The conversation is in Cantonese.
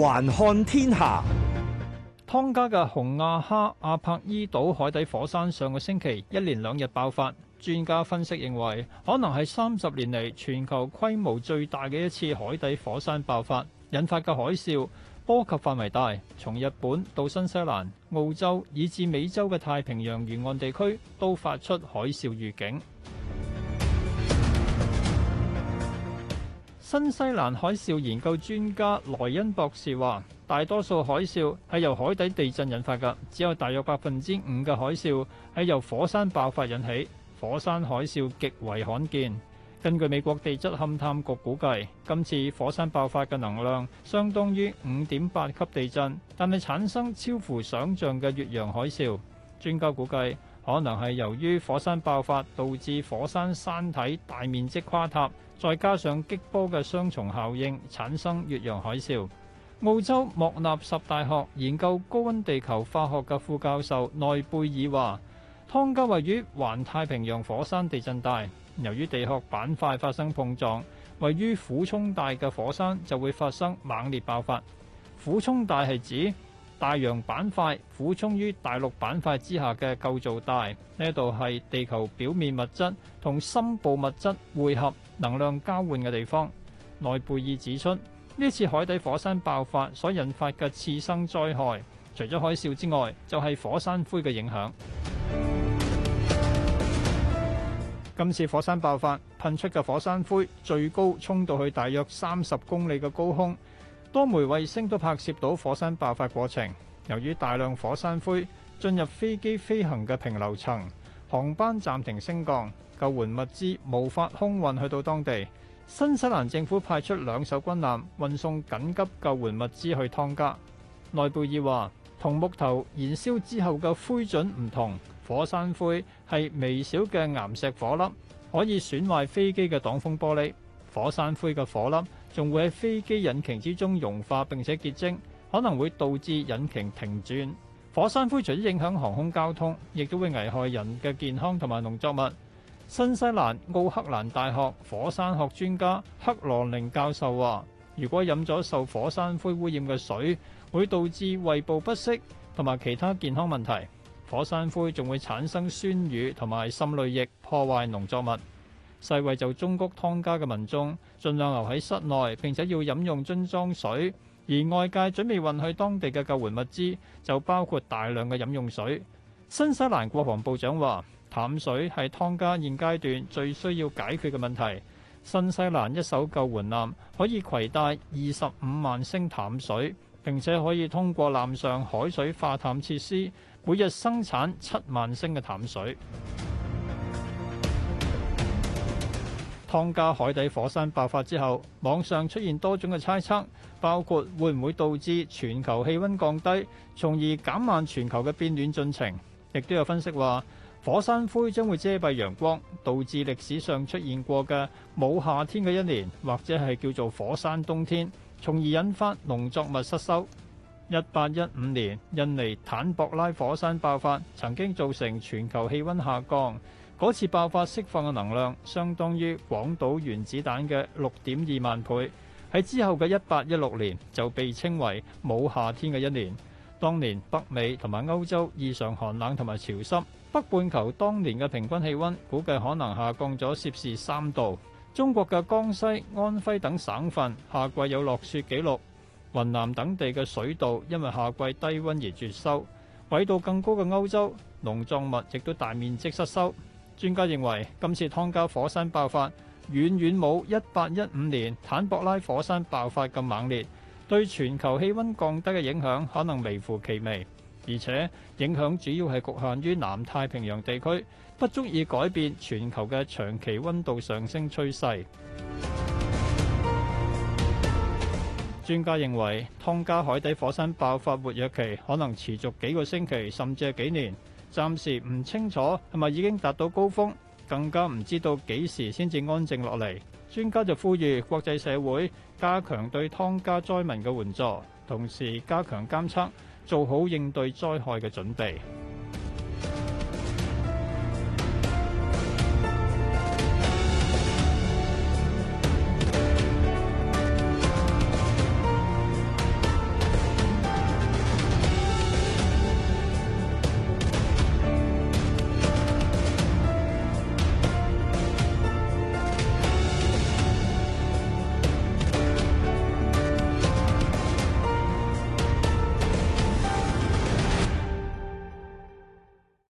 環看天下，湯加嘅洪阿哈阿帕伊島海底火山上個星期一連兩日爆發，專家分析認為可能係三十年嚟全球規模最大嘅一次海底火山爆發，引發嘅海嘯波及範圍大，從日本到新西蘭、澳洲以至美洲嘅太平洋沿岸地區都發出海嘯預警。新西蘭海嘯研究專家萊恩博士話，大多數海嘯係由海底地震引發噶，只有大約百分之五嘅海嘯係由火山爆發引起。火山海嘯極為罕見。根據美國地質勘探局估計，今次火山爆發嘅能量相當於五點八級地震，但係產生超乎想象嘅越洋海嘯。專家估計。可能係由於火山爆發導致火山山體大面積垮塌，再加上激波嘅雙重效應，產生越洋海嘯。澳洲莫納什大學研究高溫地球化學嘅副教授內貝爾話，湯加位於環太平洋火山地震帶，由於地殼板塊發生碰撞，位於俯衝帶嘅火山就會發生猛烈爆發。俯衝帶係指，大洋板塊俯衝於大陸板塊之下嘅構造帶，呢度係地球表面物質同深部物質匯合、能量交換嘅地方。內貝爾指出，呢次海底火山爆發所引發嘅次生災害，除咗海嘯之外，就係、是、火山灰嘅影響。今次火山爆發噴出嘅火山灰最高衝到去大約三十公里嘅高空。多枚衛星都拍攝到火山爆發過程。由於大量火山灰進入飛機飛行嘅平流層，航班暫停升降，救援物資無法空運去到當地。新西蘭政府派出兩艘軍艦運送緊急救援物資去湯加。內布爾話：同木頭燃燒之後嘅灰燼唔同，火山灰係微小嘅岩石火粒，可以損壞飛機嘅擋風玻璃。火山灰嘅火粒。仲會喺飛機引擎之中融化並且結晶，可能會導致引擎停轉。火山灰除咗影響航空交通，亦都會危害人嘅健康同埋農作物。新西蘭奧克蘭大學火山學專家克羅寧教授話，如果飲咗受火山灰污染嘅水，會導致胃部不適同埋其他健康問題。火山灰仲會產生酸雨同埋心類液，破壞農作物。世衛就忠告湯加嘅民眾盡量留喺室內，並且要飲用樽裝水。而外界準備運去當地嘅救援物資，就包括大量嘅飲用水。新西蘭國防部長話：淡水係湯加現階段最需要解決嘅問題。新西蘭一艘救援艦可以攜帶二十五萬升淡水，並且可以通過艦上海水化淡設施，每日生產七萬升嘅淡水。湯加海底火山爆發之後，網上出現多種嘅猜測，包括會唔會導致全球氣温降低，從而減慢全球嘅變暖進程。亦都有分析話，火山灰將會遮蔽陽光，導致歷史上出現過嘅冇夏天嘅一年，或者係叫做火山冬天，從而引發農作物失收。一八一五年，印尼坦博拉火山爆發，曾經造成全球氣温下降。嗰次爆發釋放嘅能量相當於廣島原子彈嘅六點二萬倍。喺之後嘅一八一六年就被稱為冇夏天嘅一年。當年北美同埋歐洲異常寒冷同埋潮濕，北半球當年嘅平均氣温估計可能下降咗攝氏三度。中國嘅江西、安徽等省份夏季有落雪記錄，雲南等地嘅水稻因為夏季低温而絕收。緯度更高嘅歐洲農作物亦都大面積失收。專家認為，今次湯加火山爆發遠遠冇一八一五年坦博拉火山爆發咁猛烈，對全球氣溫降低嘅影響可能微乎其微，而且影響主要係局限於南太平洋地區，不足以改變全球嘅長期溫度上升趨勢。專家認為，湯加海底火山爆發活躍期可能持續幾個星期，甚至幾年。暫時唔清楚係咪已經達到高峰，更加唔知道幾時先至安靜落嚟。專家就呼籲國際社會加強對湯加災民嘅援助，同時加強監測，做好應對災害嘅準備。